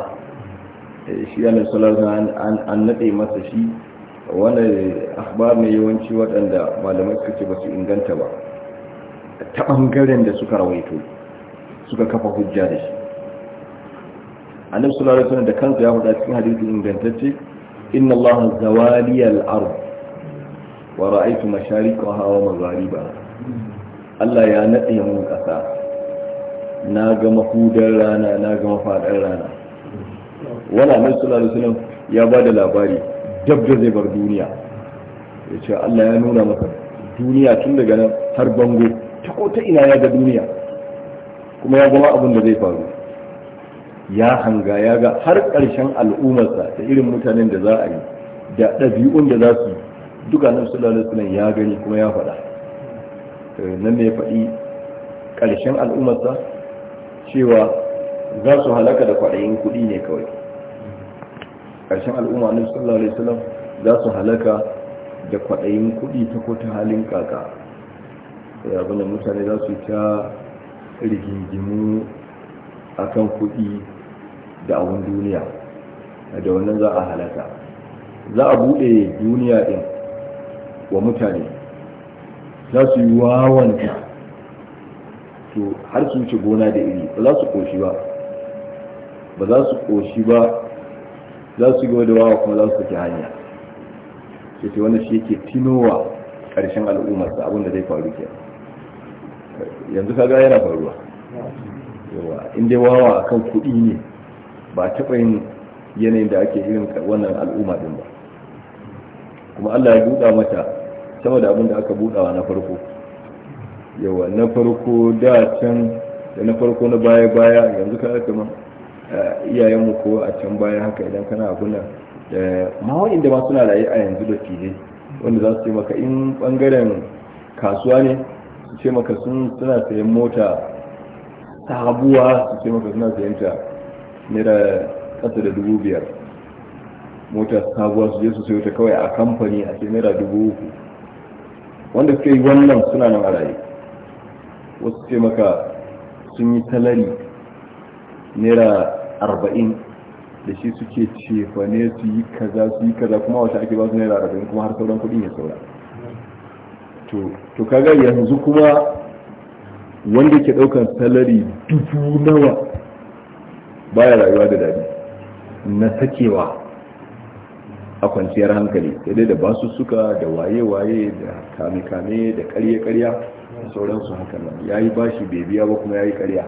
eh, shi yana salarsa an naɗe masa shi wanda akhbar ne yawanci waɗanda malamai suka ce ba su inganta ba ta ɓangaren da suka rawaito suka kafa hujja da shi annabi sallallahu alaihi wasallam da kansa ya faɗa cikin hadisi ingantacce inna allaha zawaliyal ard wa ra'aytu mashariqaha wa magharibaha Allah ya naɗe mun ƙasa. na ga mahudar rana na ga mafaɗar rana wala mai ya ba da labari dab da zai bar duniya ya ce Allah ya nuna maka duniya tun daga nan har bango ta ko ta ina ya ga duniya kuma ya gama abin da zai faru ya hanga ya ga har ƙarshen al'ummarsa da irin mutanen da za a yi da ɗabi'un da za su duka nan sallallahu ya gani kuma ya faɗa eh, nan ne ya faɗi ƙarshen al'ummarsa cewa za su halaka da kwaɗayin kuɗi ne kawai ƙarshen al'umma na sallallahu alaihi wasallam za su halaka da kwaɗayin kuɗi ta ko ta halin kaka ya abinda mutane za su ta rigingimu kan kuɗi da abin duniya da wannan za a halaka za a buɗe duniya ɗin wa mutane za su yi wawanta to har su wuce gona da iri ba za su koshi ba ba za su koshi ba za su yi da wawa kuma za su saki hanya ce ce wannan shi yake tinowa ƙarshen al'ummar abin da zai faru ke yanzu kaga yana faruwa yawa in dai wawa kan kuɗi ne ba taɓa yin yanayin da ake irin wannan al'umma din ba kuma Allah ya buɗa mata sama da abin da aka buɗawa na farko yawa na farko da can da na farko na baya baya yanzu ka iyayen iyayenmu ko a can baya haka idan kana abuna da mawa'in da ma suna raye a yanzu da fili wanda za su ce maka in bangaren kasuwa ne su ce maka sun suna sayan mota sabuwa su ce maka suna sayan ta naira kasa da dubu biyar mota sabuwa su je su sayo ta kawai a kamfani a ce naira dubu uku wanda suka yi wannan suna nan a raye wasu ce maka sun yi talari naira arba'in da shi suke cefa ne su yi kaza su yi kaza kuma wata ake ba su naira arba'in kuma har sauran kudin ya saura to kaga yanzu kuma wanda ke daukan salari dubu nawa baya rayuwa da dadi na sakewa a kwanciyar hankali sai dai da basu suka da waye-waye da kame-kame da karya karya sauransu haka nan ya yi bashi bai biya ba kuma ya yi karya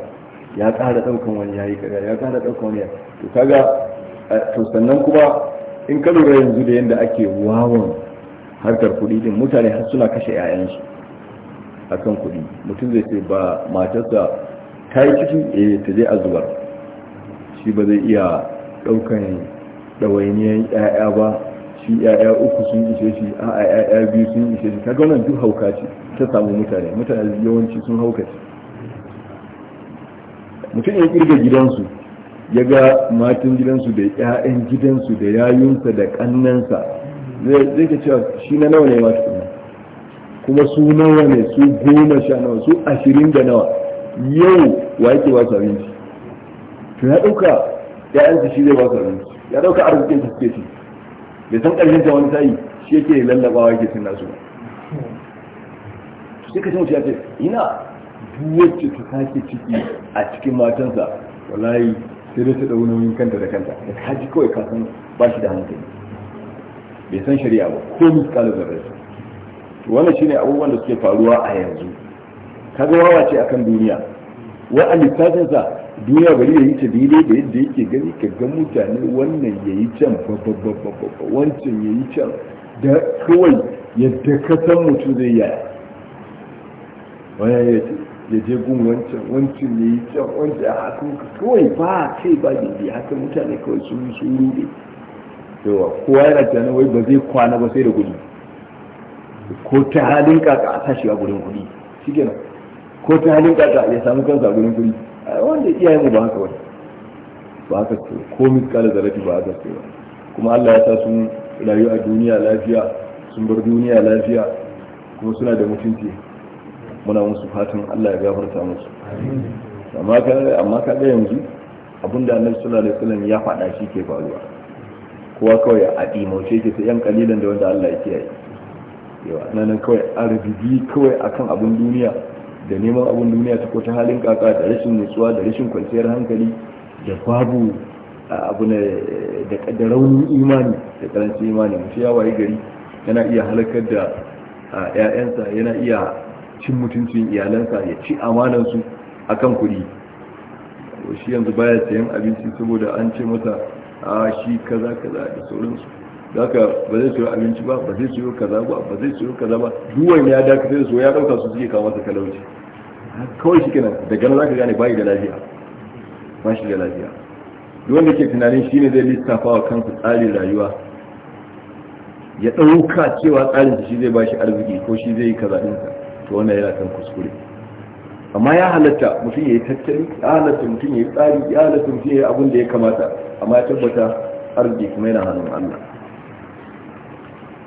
ya ƙara ɗaukan wani ya yi karya ya ƙara ɗaukan wani to kaga to sannan kuma in ka lura yanzu da yadda ake wawan harkar kuɗi din mutane har suna kashe a akan kuɗi mutum zai ce ba matarsa ta yi ciki eh ta je a zubar shi ba zai iya ɗaukan ɗawainiyar 'ya'ya ba shi ya'ya uku sun ishe shi a ya'ya biyu sun ishe shi kaga wannan duk hauka ce ta samu mutane mutane yawanci sun hauka ce mutum ya kirga gidansu ya ga matan gidansu da ƴaƴan gidansu da yayunsa da ƙannansa zai ka cewa shi na nawa ne ma tukuna kuma su nawa ne su goma sha nawa su ashirin da nawa yau wa yake ba su abinci to ya ɗauka ƴaƴansa shi zai ba su abinci ya ɗauka arzikin su suke ci da san ƙarshen ta wani sa'i shi yake lallabawa yake sun nasu ba sai ka ce mutu ya ce ina duwace ta sake ciki a cikin matansa wallahi sai dai ta ɗau nauyin kanta da kanta da ta ji kawai ka san ba shi da hankali bai san shari'a ba ko miskalin zarrai wannan shine abubuwan da suke faruwa a yanzu kaga wawace ce akan duniya wa a sa duniya bari ya yi ta daidai da yadda yake gani ka ga mutane wannan ya yi can babbabbabba wancan ya yi can da kawai yadda ka san mutum zai yaya wani ya je gun wancan wancan ya yi can wancan ya haka kawai ba kai ba daidai haka mutane kawai sun sun rude yawa kowa yana tunanin wai ba zai kwana ba sai da kuɗi ko ta halin kaka a tashi a gurin kuɗi shi ko ta halin kaka ya samu kansa a gurin kuɗi wanda iyaye mu ba haka wani ba haka ce komi kala da rafi ba haka ce ba kuma Allah ya sa sun rayu a duniya lafiya sun bar duniya lafiya kuma suna da mutunci muna musu fatan Allah ya gafarta musu amma ka amma ka ga yanzu abinda Annabi sallallahu alaihi wasallam ya faɗa shi ke faruwa kowa kawai a dimauce ke ta yan kalilan da wanda Allah ya kiyaye yawa nan kawai arziki kawai akan abin duniya da neman abin duniya ta ko halin kaka da rashin nutsuwa da rashin kwanciyar hankali da babu abu da raunin imani da karancin imani mutu ya waye gari yana iya halakar da ‘ya'yansa yana iya cin mutuncin iyalansa ya ci amanansu a kan kuɗi shi yanzu baya sayan abinci saboda an ce mata a shi kaza kaza da sauransu daga ba zai siyo abinci ba ba zai siyo kaza ba ba zai siyo kaza ba duwan ya dakatar da su ya dauka su suke kawo masa talauci kawai shi kenan da gana zaka gane bai da lafiya ba shi da lafiya duk wanda ke tunanin shine zai lissafa wa kansa tsarin rayuwa ya dauka cewa tsarin shi zai bashi arziki ko shi zai yi kaza din sa to wannan yana kan kuskure amma ya halatta mutum ya yi tattali ya halatta mutum ya yi tsari ya halatta mutum ya yi abin da ya kamata amma ya tabbata arziki kuma yana hannun Allah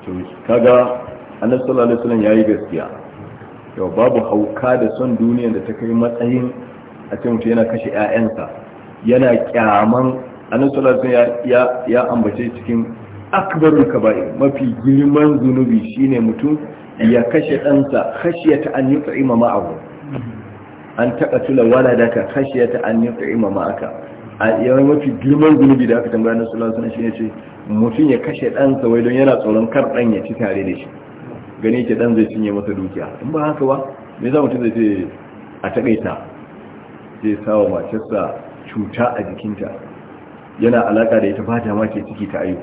to kaga annabi sallallahu alaihi wasallam yayi gaskiya yau babu hauka da son duniya da ta kai matsayin a ce mutum yana kashe ƴaƴansa yana kyaman annabi sallallahu alaihi wasallam ya ya ambace cikin akbarul kaba'i mafi girman zunubi shine mutum ya kashe ɗansa khashiyata an yut'ima ma'ahu an taqatula waladaka khashiyata an yut'ima ma'aka a yawan mafi girman zunubi da aka tambaya na sallallahu alaihi shi ne ce mutum ya kashe ɗansa wai don yana tsoron kar ɗan ya ci tare da shi gani ke ɗan zai cinye masa dukiya in ba haka ba me za mutum zai ce a taƙaita zai sawa matarsa cuta a jikinta yana alaƙa da ita ba ta ma ke ciki ta ayu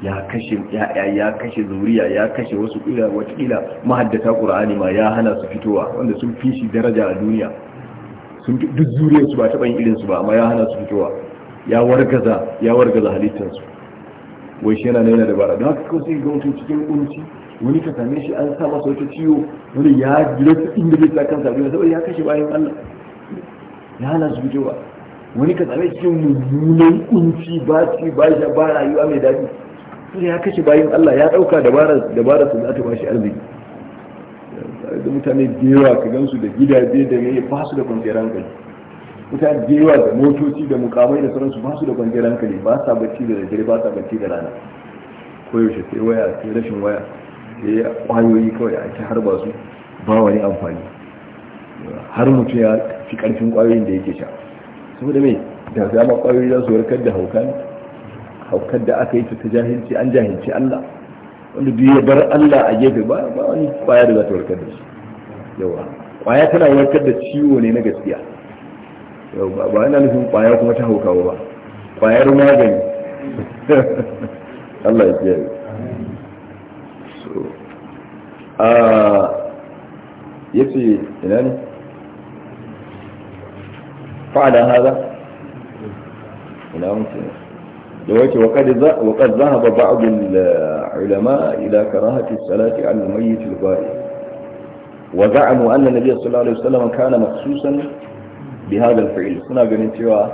ya kashe ya ya kashe zuriya ya kashe wasu kila wata kila mahaddata ƙur'ani ma ya hana su fitowa wanda sun fi shi daraja a duniya sun duk zuriyarsu ba taɓa yin su ba amma ya hana su fitowa ya wargaza ya wargaza halittarsu wai shi yana yana dabara don haka kawai sai ga mutum cikin kunci wani ka same shi an sa masa wata ciwo wani ya rasa inda bai sa kansa bai saboda ya kashe bayan Allah ya hana su fitowa wani ka same cikin mummunan kunci ba ci ba sha ba rayuwa mai daɗi sai ya kashe bayan Allah ya ɗauka dabarar dabarar su za ta ba shi arziki da mutane da yawa ka gansu da gidaje da ne ba su da kwanciyar hankali mutane da yawa da motoci da mukamai da sauransu ba su da kwanciyar hankali ba sa bacci da dare ba sa bacci da rana koyaushe sai waya sai rashin waya sai kwayoyi kawai a ci har ba su ba wani amfani har mutum ya fi karfin kwayoyin da yake sha saboda mai da zama kwayoyi za su warkar da haukan haukar da aka yi ta jahilci an jahilci Allah wanda duk ya bar Allah a gefe ba ba wani kwaya da za ta warkar da shi yawa kwaya tana warkar da ciwo ne na gaskiya yawa ba yana nufin kwaya kuma ta haukawa ba kwayar magani *laughs* Allah ya kiyaye so a yace ina ne fa'ala hada ina mutum da wace waƙar za a ba ba'adun ulama ila karahati salati al-mayyi tilbari wa za a mu'an na nabiya sallallahu alaihi wasallam kana maksusan bi hada fa'il suna ganin cewa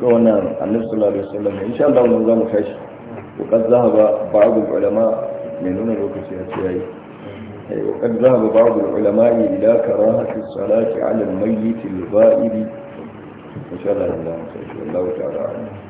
ga wannan annabi sallallahu alaihi wasallam in Allah mun zama kashi wa qad zahaba ba'd ulama min nuna lokaci ya ce yayi eh, wa qad zahaba ba'd insha Allah mun zama kashi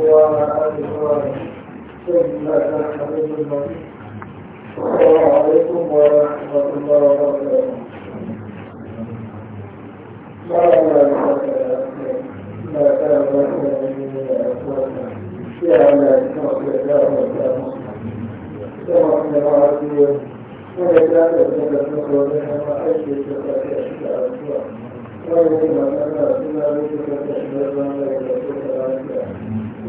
وأزواجه ثم نحمد الله السلام عليكم ورحمة الله وبركاته لا لا لا لا Thank you.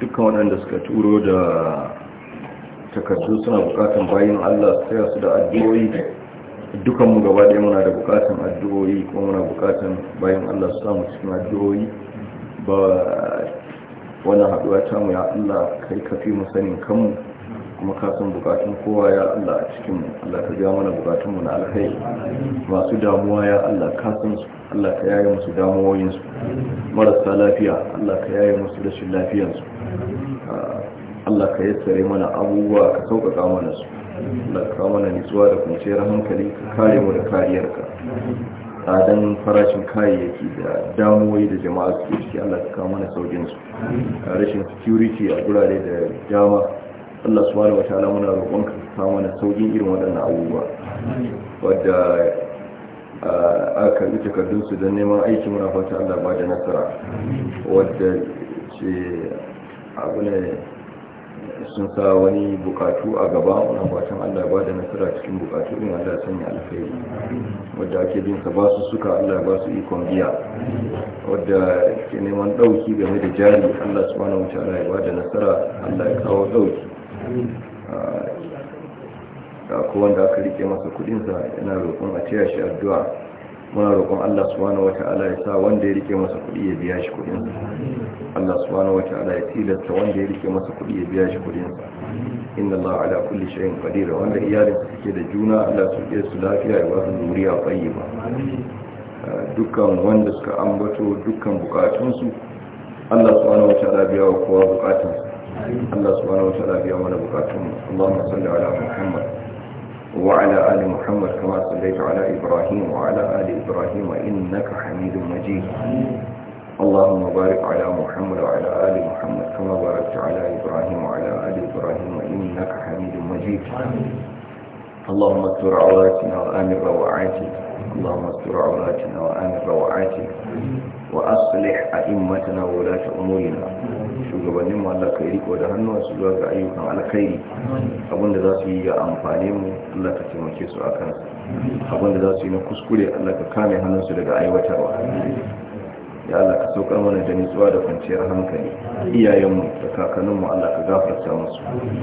dukkan waɗanda suka turo da takardu suna bukatan bayan Allah su tsaya su da addu'o'i dukanmu gaba ɗaya muna da bukatan addu'o'i kuma muna bukatan bayan Allah su samu cikin addu'o'i ba wani haɗuwa ta mu ya Allah kai kafi mu sanin kanmu kuma kasan bukatun kowa ya Allah a cikin Allah ka biya mana bukatun mu na alkhairi masu damuwa ya Allah kasan su Allah ka yaye musu damuwoyin su marasa lafiya Allah ka yaye musu rashin lafiyar su Allah ka yassare mana abubuwa ka sauƙaƙa mana su Allah ka mana nutsuwa da kwanciyar hankali ka kare mu da kariyar ka tsadan farashin kayayyaki da damuwoyi da jama'a suke ciki Allah ka kawo mana saukin su rashin security a gurare da dama Allah subhanahu wa ta'ala muna roƙon ka mana saukin irin waɗannan abubuwa wadda ah, aka yi su don neman aiki muna fata Allah ba da nasara wadda ce abu ne sun sa wani bukatu a gaba muna fatan Allah ba da nasara cikin bukatu din Allah yi alfairi wadda ake bin sa ba su suka Allah ba su ikon biya wadda ke neman ɗauki game da jari Allah subhanahu wa ta'ala ya ba da nasara Allah ya kawo dauki Da wanda aka rike masa kudinsa yana roƙon a taya shi addu'a muna roƙon Allah subhanahu wata'ala ya sa wanda ya rike masa kudi ya biya shi kudin Allah subhanahu wata'ala ya tilasta wanda ya rike masa kudi ya biya shi kudin inna Allah ala kulli shay'in qadir wanda iyalin su suke da juna Allah su ke su lafiya ya wasu zuriya tayyiba dukkan wanda suka ambato dukkan bukatunsu Allah subhanahu wata'ala biya wa kowa bukatunsa Allah subhanahu wa ta'ala biya mana bukatun Allahumma salli ala Muhammad wa ala ali Muhammad kama sallaita ala Ibrahim wa ala ali Ibrahim innaka Hamidum Majid Allahumma barik ala Muhammad wa ala ali Muhammad kama barakta ala Ibrahim wa ala ali Ibrahim innaka Hamidum Majid اللهم استر عوراتنا وامن روعاتنا اللهم استر عوراتنا وامن روعاتنا واصلح ائمتنا وولاة امورنا shugabannin mu Allah ka riko da hannuwansu zuwa ga ayyukan alkhairi abinda za su yi ga amfane mu Allah ka taimake su a su abinda za su yi na kuskure Allah ka kame hannunsu daga aiwatarwa ya Allah ka saukar mana da nutsuwa da kwanciyar hankali iyayenmu da mu Allah ka gafarta musu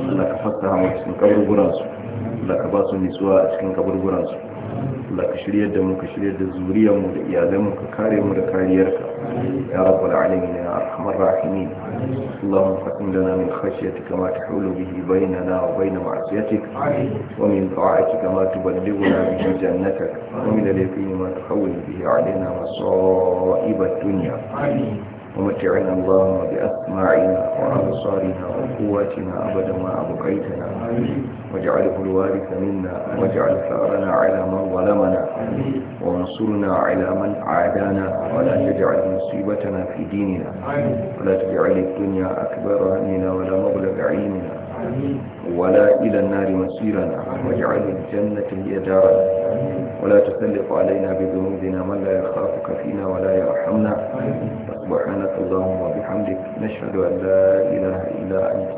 Allah ka fassara musu cikin su Allah ka ba su nutsuwa a cikin su Allah ka shiryar da mu ka shiryar da zuriyarmu da iyalanmu ka kare mu da kariyarka يا رب العالمين يا أرحم الراحمين اللهم فقم لنا من خشيتك ما تحول به بيننا وبين معصيتك ومن طاعتك ما تبلغنا به جنتك ومن اليقين ما تحول به علينا مصائب الدنيا ومتعنا اللهم بأسماعنا وأبصارنا وقواتنا أبدا ما أبقيتنا واجعله الوارث منا واجعل ثأرنا على من ظلمنا وانصرنا على من عادانا ولا تجعل مصيبتنا في ديننا ولا تجعل الدنيا أكبر همنا ولا مبلغ علمنا ولا إلى النار مسيرنا واجعل الجنة هي دارنا ولا تسلط علينا بذنوبنا من لا يخافك فينا ولا يرحمنا سبحانك اللهم وبحمدك نشهد أن لا إله إلا أنت